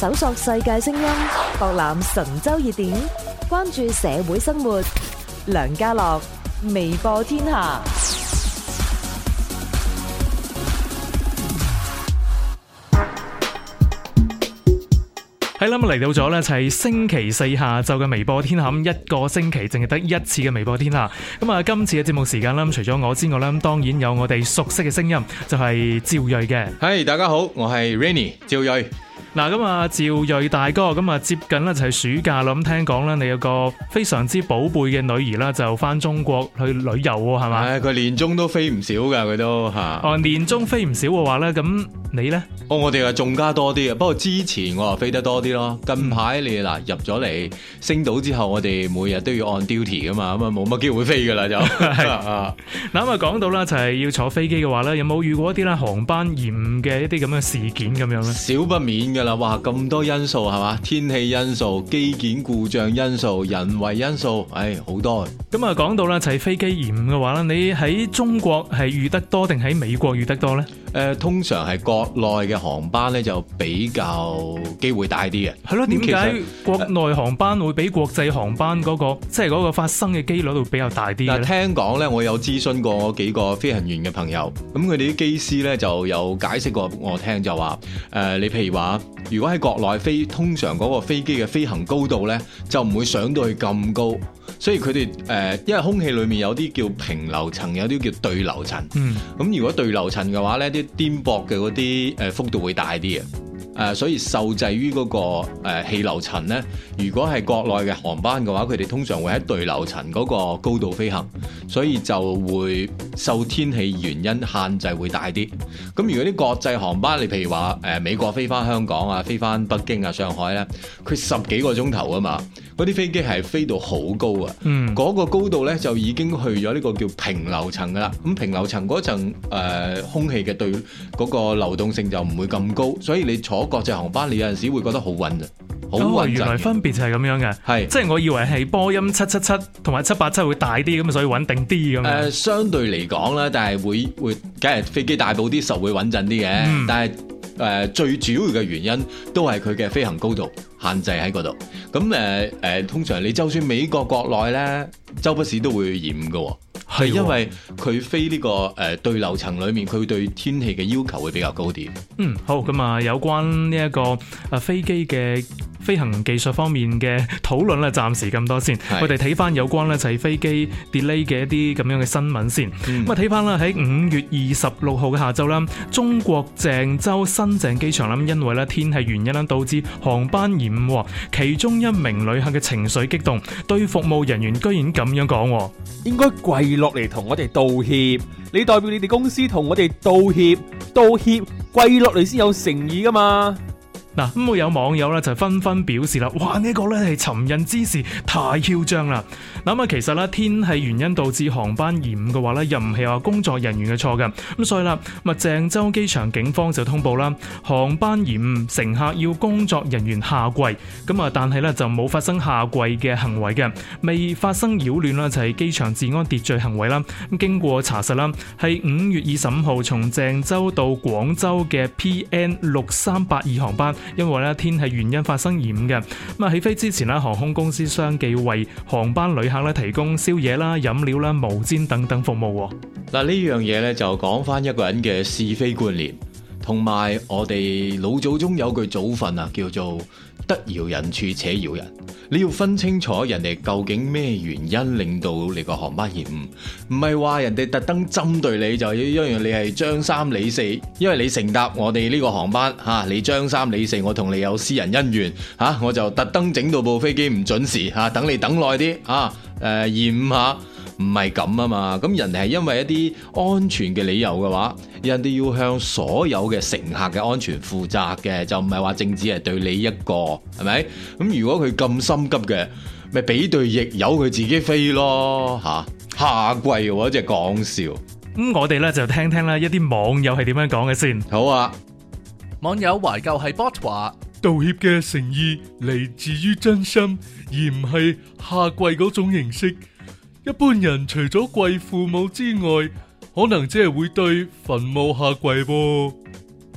搜索世界聲音，博覽神州熱點，關注社會生活。梁家樂，微播天下。喺咁嚟到咗呢就係星期四下晝嘅微播天下。咁一個星期淨係得一次嘅微播天下。咁啊，今次嘅節目時間咧，除咗我之外咧，咁當然有我哋熟悉嘅聲音，就係、是、趙瑞嘅。嗨，大家好，我係 Rainy 趙瑞。嗱，咁啊，趙睿大哥，咁啊，接近咧就係暑假啦，咁聽講咧，你有個非常之寶貝嘅女兒啦，就翻中國去旅遊啊，係嘛？唉、哎，佢年中都飛唔少噶，佢都吓。哦、啊，年中飛唔少嘅話咧，咁。你咧？哦，我哋啊，仲加多啲啊！不過之前我啊飛得多啲咯。近排你嗱入咗嚟升到之後，我哋每日都要 on duty 噶嘛，咁啊冇乜機會飛噶啦就 是。係啊。咁啊講到啦，就係要坐飛機嘅話咧，有冇遇過一啲咧航班延誤嘅一啲咁嘅事件咁樣咧？少不免噶啦，哇！咁多因素係嘛？天氣因素、機件故障因素、人為因素，唉、哎，好多。咁啊講到啦，就係飛機延誤嘅話咧，你喺中國係遇得多定喺美國遇得多咧？誒、呃，通常係國內嘅航班咧，就比較機會大啲嘅。係咯，點解國內航班會比國際航班嗰、那個、呃、即係個發生嘅機率會比較大啲咧？但係聽講咧，我有諮詢過幾個飛行員嘅朋友，咁佢哋啲機師咧就有解釋過我聽，就話誒、呃，你譬如話如果喺國內飛，通常嗰個飛機嘅飛行高度咧就唔會上到去咁高。所以佢哋、呃、因為空氣裡面有啲叫平流層，有啲叫對流層。咁、嗯、如果對流層嘅話呢啲顛簸嘅嗰啲誒幅度會大啲啊。誒，所以受制於嗰、那個誒、呃、氣流層咧。如果係國內嘅航班嘅話，佢哋通常會喺對流層嗰個高度飛行，所以就會受天氣原因限制會大啲。咁如果啲國際航班，你譬如話誒、呃、美國飛返香港啊，飛返北京啊、上海咧，佢十幾個鐘頭啊嘛，嗰啲飛機係飛到好高啊。嗯，嗰個高度咧就已經去咗呢個叫平流層㗎喇。咁平流層嗰層空氣嘅對嗰個流動性就唔會咁高，所以你坐。國際航班你有陣時會覺得好穩咋，好、哦、穩陣。原來分別就係咁樣嘅，係是即係我以為係波音七七七同埋七八七會大啲咁，所以穩定啲咁。誒、呃，相對嚟講咧，但係會會，梗係飛機大部啲實會穩陣啲嘅，嗯、但係。誒、呃、最主要嘅原因都係佢嘅飛行高度限制喺嗰度。咁誒誒，通常你就算美國國內咧，周不時都會染嘅、哦，係因為佢飛呢、這個誒對流層裡面，佢對天氣嘅要求會比較高啲。嗯，好咁啊，有關呢、這、一個誒、呃、飛機嘅。飛行技術方面嘅討論咧，暫時咁多先。是我哋睇翻有關咧就係、是、飛機 delay 嘅一啲咁樣嘅新聞先。咁啊睇翻啦喺五月二十六號嘅下晝啦，中國鄭州新鄭機場啦，因為咧天氣原因啦導致航班延誤，其中一名旅客嘅情緒激動，對服務人員居然咁樣講：應該跪落嚟同我哋道歉。你代表你哋公司同我哋道歉，道歉跪落嚟先有誠意噶嘛？咁啊、嗯！有網友咧就紛紛表示啦，哇！呢、這個咧係尋釁滋事，太囂張啦。咁、嗯、啊，其實咧天氣原因導致航班延誤嘅話咧，又唔係話工作人員嘅錯嘅。咁、嗯、所以啦，咁鄭州機場警方就通報啦，航班延誤，乘客要工作人員下跪。咁啊，但係咧就冇發生下跪嘅行為嘅，未發生擾亂啦，就係機場治安秩序行為啦。咁經過查實啦，係五月二十五號從鄭州到廣州嘅 PN 六三八二航班。因為咧天氣原因發生延誤嘅，咁啊起飛之前咧航空公司相繼為航班旅客咧提供宵夜啦、飲料啦、毛氈等等服務。嗱呢樣嘢咧就講翻一個人嘅是非觀念。同埋我哋老祖宗有句祖訓啊，叫做得饒人處且饒人。你要分清楚人哋究竟咩原因令到你個航班延誤，唔係話人哋特登針對你，就是、因為你係張三李四，因為你乘搭我哋呢個航班吓、啊，你張三李四我同你有私人恩怨吓、啊，我就特登整到部飛機唔準時吓、啊，等你等耐啲啊，誒延誤下。唔係咁啊嘛，咁人哋係因為一啲安全嘅理由嘅話，人哋要向所有嘅乘客嘅安全負責嘅，就唔係話淨只係對你一個，係咪？咁如果佢咁心急嘅，咪俾對翼由佢自己飛咯吓、啊，下跪我只講笑。咁、嗯、我哋咧就聽聽啦一啲網友係點樣講嘅先。好啊，網友懷舊係 bot 話道歉嘅誠意嚟自於真心，而唔係下跪嗰種形式。一般人除咗跪父母之外，可能只係會對墳墓下跪噃。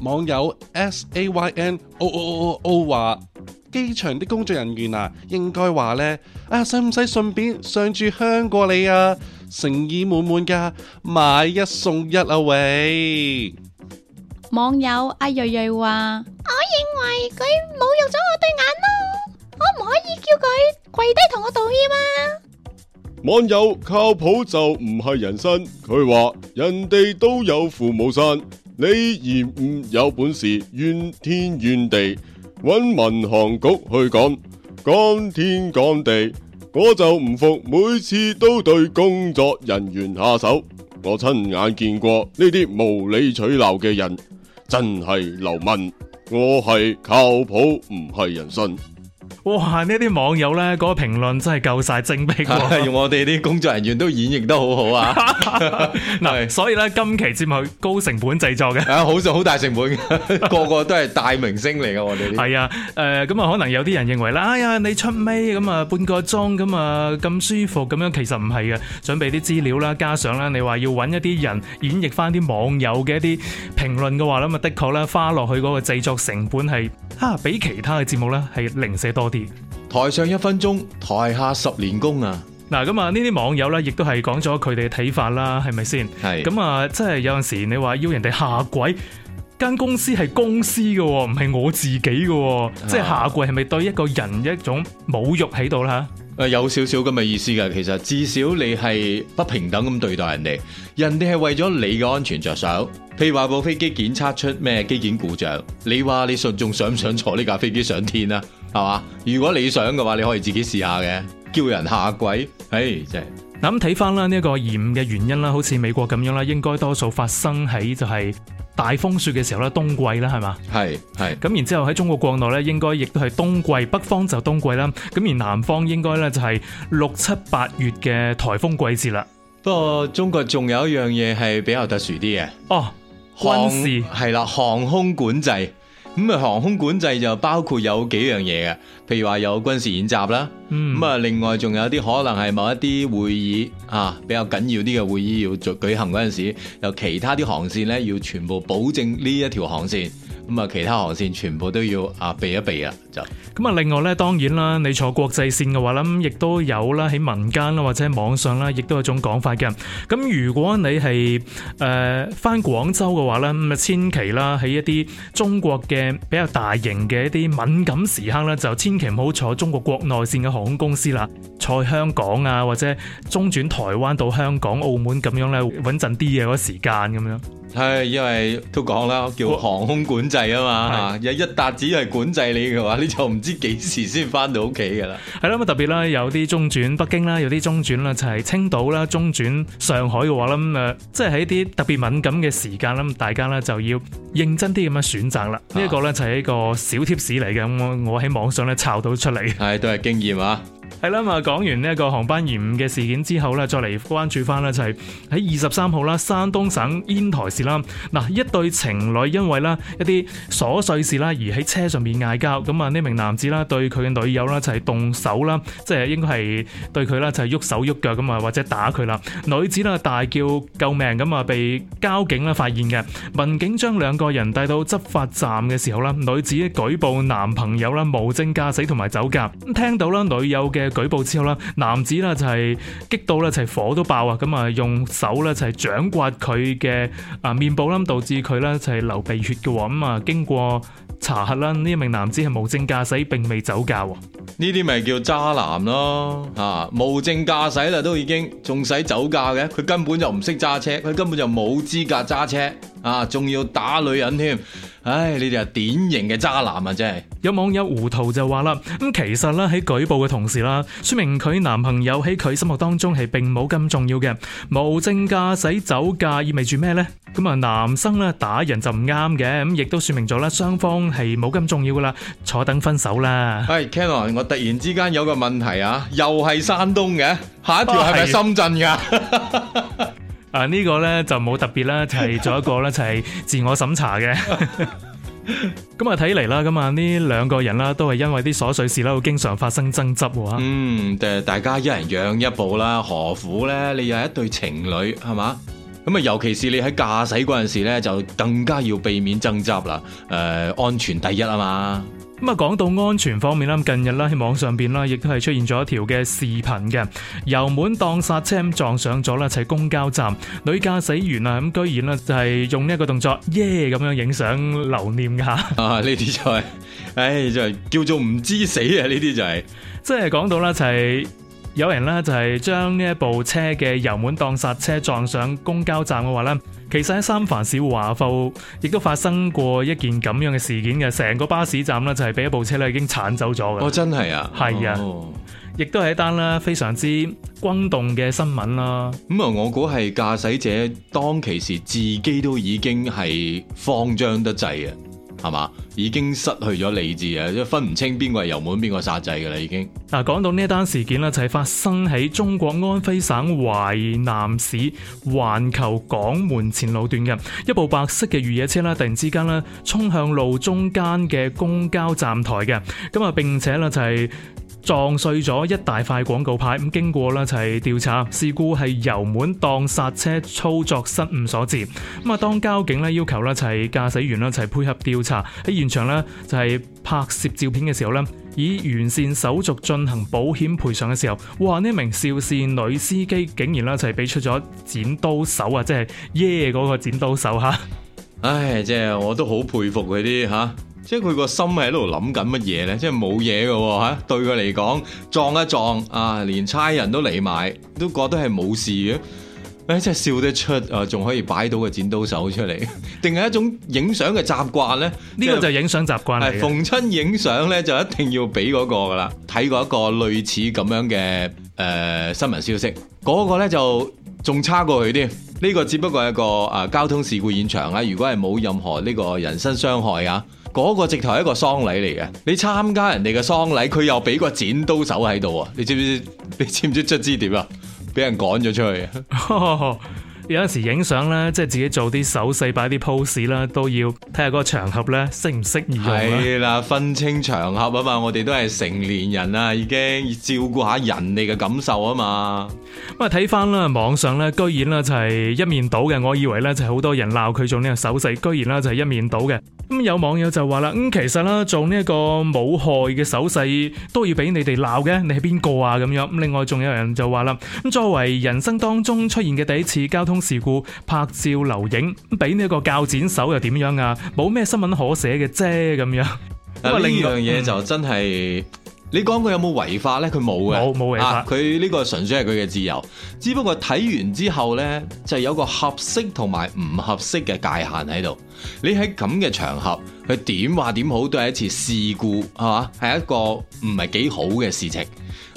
網友 s a y n o o o o 話：機場的工作人員啊，應該話呢，啊，使唔使順便上住香過你啊？誠意滿滿噶，買一送一啊喂！網友阿睿睿話：我認為佢侮辱咗我對眼咯，可唔可以叫佢跪低同我道歉啊！網友靠譜就唔係人生，佢話人哋都有父母生，你而唔有本事怨天怨地，搵民航局去講，干天干地，我就唔服，每次都對工作人員下手，我親眼見過呢啲無理取鬧嘅人，真係流氓，我係靠譜唔係人生。哇！呢啲網友咧，嗰、嗰個評論真係夠晒精辟、啊， 用我哋啲工作人員都演繹得好好啊。嗱， 所以咧，今期節目高成本製作嘅、 啊，好就好大成本， 個個都係大明星嚟嘅。我哋啲係啊，誒咁啊，可能有啲人認為啦，哎呀，你出咩咁啊，半個鐘咁啊，咁舒服咁樣，其實唔係嘅，準備啲資料啦，加上啦，你話要揾一啲人演繹翻啲網友嘅一啲評論嘅話咁啊，的確咧，花落去嗰個製作成本係哈、啊，比其他嘅節目咧係零舍多。台上一分鐘，台下十年功啊！嗱，咁啊，呢啲網友咧，亦都係講咗佢哋嘅睇法啦，係咪先？係咁啊，即係有陣時，你話要人哋下跪，間公司係公司嘅，唔係我自己嘅，即係下跪係咪對一個人一種侮辱喺度啦？誒、啊，有少少咁嘅意思嘅，其實至少你係不平等咁對待人哋，人哋係為咗你嘅安全着想。譬如話部飛機檢測出咩機件故障，你話你信仲想唔想坐呢架飛機上天啊？係嘛？如果你想嘅話，你可以自己試下嘅，叫人下跪，誒、哎，真係。嗱咁睇翻啦，呢一個延誤嘅原因啦，好似美國咁樣啦，應該多數發生喺就係大風雪嘅時候啦，冬季啦，係嘛？係係。咁然之後喺中國國內咧，應該亦都係冬季，北方就冬季啦。咁而南方應該咧就係六七八月嘅台風季節啦。不過中國仲有一樣嘢係比較特殊啲嘅，哦，軍事係啦、嗯，航空管制。咁啊，航空管制就包括有幾樣嘢嘅，譬如話有軍事演習啦，嗯，咁啊，另外仲有啲可能係某一啲會議啊，比較緊要啲嘅會議要舉行嗰陣時，有其他啲航線咧要全部保證呢一條航線，咁啊，其他航線全部都要啊避一避啊，就咁啊。另外咧，當然啦，你坐國際線嘅話咧，亦都有啦，喺民間啦或者網上啦，亦都係一種講法嘅。咁如果你係誒翻廣州嘅話咧，咁啊千祈啦，喺一啲中國嘅。比較大型嘅一啲敏感時刻咧，就千祈唔好坐中國國內線嘅航空公司啦，坐香港啊或者中轉台灣到香港、澳門咁樣咧穩陣啲嘢，嗰時間咁樣。係，因為都講啦，叫航空管制啊嘛吓，有的一沓子係管制你嘅話，你就唔知幾時先翻到屋企噶啦。係啦，咁特別啦，有啲中轉北京啦，有啲中轉啦，就係、是、青島啦，中轉上海嘅話啦，咁、呃、誒，即係喺啲特別敏感嘅時間啦，大家咧就要認真啲咁樣選擇啦。呢一、啊、個咧就係一個小貼士嚟嘅，我我喺網上咧抄到出嚟。係，都係經驗啊。係啦，咁啊，講完呢一個航班延誤嘅事件之後呢，再嚟關注翻，呢就係喺二十三號啦，山東省煙台市啦，嗱一對情侶因為啦一啲瑣碎事啦而喺車上面嗌交。咁啊呢名男子啦對佢嘅女友啦就係動手啦，即係應該係對佢啦就係喐手喐腳咁啊，或者打佢啦，女子呢大叫救命咁啊，被交警呢發現嘅，民警將兩個人帶到執法站嘅時候啦，女子舉報男朋友啦無證駕駛同埋酒駕，咁聽到啦女友嘅。嘅舉報之後啦，男子啦就係激到啦，就係火都爆啊！咁啊用手咧就係掌摑佢嘅啊面部啦，導致佢咧就係流鼻血嘅喎。咁啊經過。查下啦，呢一名男子係無證駕駛，並未酒駕。呢啲咪叫渣男咯？吓、啊，無證駕駛啦，都已經仲使酒駕嘅，佢根本就唔識揸車，佢根本就冇資格揸車啊！仲要打女人添，唉、哎，呢啲係典型嘅渣男啊！真係。有網友胡塗就話啦，咁其實咧喺舉報嘅同時啦，說明佢男朋友喺佢心目當中係並冇咁重要嘅。無證駕駛、酒駕意味住咩呢？」咁啊，男生咧打人就唔啱嘅，咁亦都說明咗啦，雙方係冇咁重要噶啦，坐等分手啦。係 Ken，、hey, 我突然之間有個問題啊，又係山東嘅，下一條係咪深圳噶？ 啊，這個，呢個咧就冇特別啦，就係做一個咧就係自我審查嘅。咁啊睇嚟啦，咁啊呢兩個人啦都係因為啲瑣碎事啦會經常發生爭執喎。嗯，誒，大家一人讓一步啦，何苦咧？你有一對情侶係嘛？咁啊，尤其是你喺駕駛嗰陣時咧，就更加要避免爭執啦。誒、呃，安全第一啊嘛！咁啊，講到安全方面啦，近日啦喺網上邊啦，亦都係出現咗一條嘅視頻嘅，油門當剎車撞上咗啦，就係公交站女駕駛員啊，咁居然呢就係用呢一個動作耶咁、yeah、樣影相留念噶吓。啊，呢啲就係、是，誒、哎，就係、叫做唔知死啊！呢啲就係、是，即係講到啦，就係。有人咧就係將呢一部車嘅油門當剎車撞上公交站嘅話咧，其實喺三藩市華埠亦都發生過一件咁樣嘅事件嘅。成個巴士站咧就係俾一部車咧已經鏟走咗嘅。哦，真係啊，係啊、哦，亦都係一單啦，非常之轟動嘅新聞啦。咁啊，嗯、我估係駕駛者當其時自己都已經係慌張得滯啊。係嘛，已經失去咗理智啊，即分唔清邊個係油門，邊個剎掣噶啦，已經。嗱，講到呢一單事件咧，就係發生喺中國安徽省淮南市環球港門前路段嘅一部白色嘅越野車啦，突然之間咧衝向路中間嘅公交站台嘅，咁啊，並且咧就係。撞碎咗一大塊廣告牌，咁經過啦就係調查，事故係油門當剎車操作失誤所致。咁啊，當交警咧要求咧就係駕駛員啦，就係配合調查喺現場咧就係拍攝照片嘅時候咧，以完善手續進行保險賠償嘅時候，哇！呢名肇事女司機竟然啦就係俾出咗剪刀手啊，即係耶嗰個剪刀手吓。 唉，即係我都好佩服佢啲吓。即係佢個心喺度諗緊乜嘢呢？即係冇嘢嘅吓，對佢嚟講撞一撞啊，連差人都嚟埋，都覺得係冇事嘅。誒、哎，真係笑得出啊，仲可以擺到個剪刀手出嚟，定 係一種習慣是影相嘅習慣呢？呢個就影相習慣係逢親影相呢，就一定要俾嗰個噶啦。睇 過一個類似咁樣嘅誒、呃、新聞消息，嗰、那個呢就仲差過佢添。呢、這個只不過係一個誒、啊、交通事故現場啊，如果係冇任何呢個人身傷害啊。嗰個直頭係一個喪禮嚟嘅，你參加人哋嘅喪禮，佢又俾個剪刀手喺度啊！你知唔知？你知唔知卒之點啊？俾人趕咗出去。啊！ 有陣時影相咧，即係自己做啲手勢，擺啲 pose 啦，都要睇下個場合咧，適唔適宜用。係啦，分清場合啊嘛，我哋都係成年人啦，啊，已經照顧下人哋嘅感受啊嘛。咁啊，睇翻啦，網上咧居然咧就係一面倒嘅，我以為咧就係、是，好多人鬧佢做呢個手勢，居然咧就係一面倒嘅。咁有網友就話啦，咁其實啦，做呢一個冇害嘅手勢都要俾你哋鬧嘅，你係邊個啊？咁樣。另外仲有人就話啦，咁作為人生當中出現嘅第一次交通事故，拍照留影，咁俾呢個鉸剪手又點樣啊？冇咩新聞可寫嘅啫，咁樣。樣。啊，另一樣嘢就真係。嗯你講佢有冇違法呢？佢冇嘅，冇冇違法。啊，佢呢個純粹係佢嘅自由，只不過睇完之後呢，就係有個合適同埋唔合適嘅界限喺度。你喺咁嘅場合，佢點話點好都係一次事故，係嘛？係一個唔係幾好嘅事情。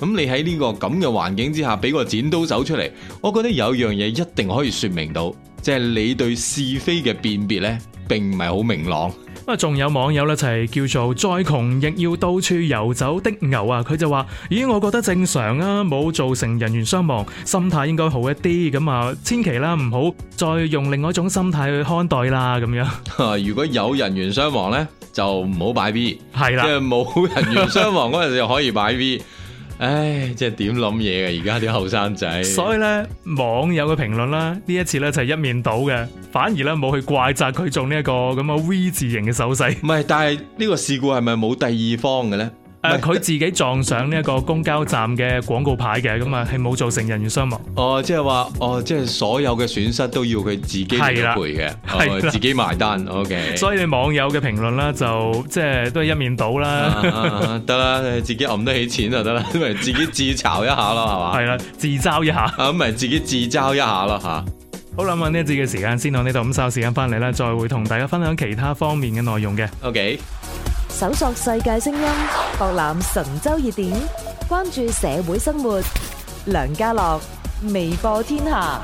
咁你喺呢個咁嘅環境之下，俾個剪刀走出嚟，我覺得有一樣嘢一定可以説明到，即係你對是非嘅辨別呢，並唔係好明朗。啊，仲有網友咧就係叫做再窮亦要到處遊走的牛啊！佢就話：咦，我覺得正常啊，冇造成人員傷亡，心態應該好一啲，咁啊，千祈啦，唔好再用另外一種心態去看待啦，咁樣。如果有人員傷亡咧，就唔好擺 V，係是啦，即係冇人員傷亡嗰陣時可以擺 V。 唉，即係點諗嘢嘅，而家啲後生仔， 所以咧網友嘅評論啦，呢一次咧就係一面倒嘅，反而咧冇去怪責佢做呢一個咁啊 V 字形嘅手勢。唔係，但係呢個事故係咪冇第二方嘅呢？誒，佢、啊、自己撞上呢一個公交站嘅廣告牌嘅，咁啊係冇造成人員傷亡哦、就是。哦，即係話，哦，即係所有嘅損失都要佢自己賠嘅，係自己埋單。OK。所以你網友嘅評論啦，就即係都係一面倒啦。得、 啊啊、啦，自己揞得起錢就得啦，因咪自己自嘲一下啦，係嘛？係啦，自嘲一下，咁 咪、啊、自己自嘲一下咯吓。好啦，咁、啊、呢一節嘅時間先，到呢度咁稍時間翻嚟啦，再會同大家分享其他方面嘅內容嘅。OK。搜索世界聲音，博覽神州熱點，關注社會生活。梁家樂，微播天下。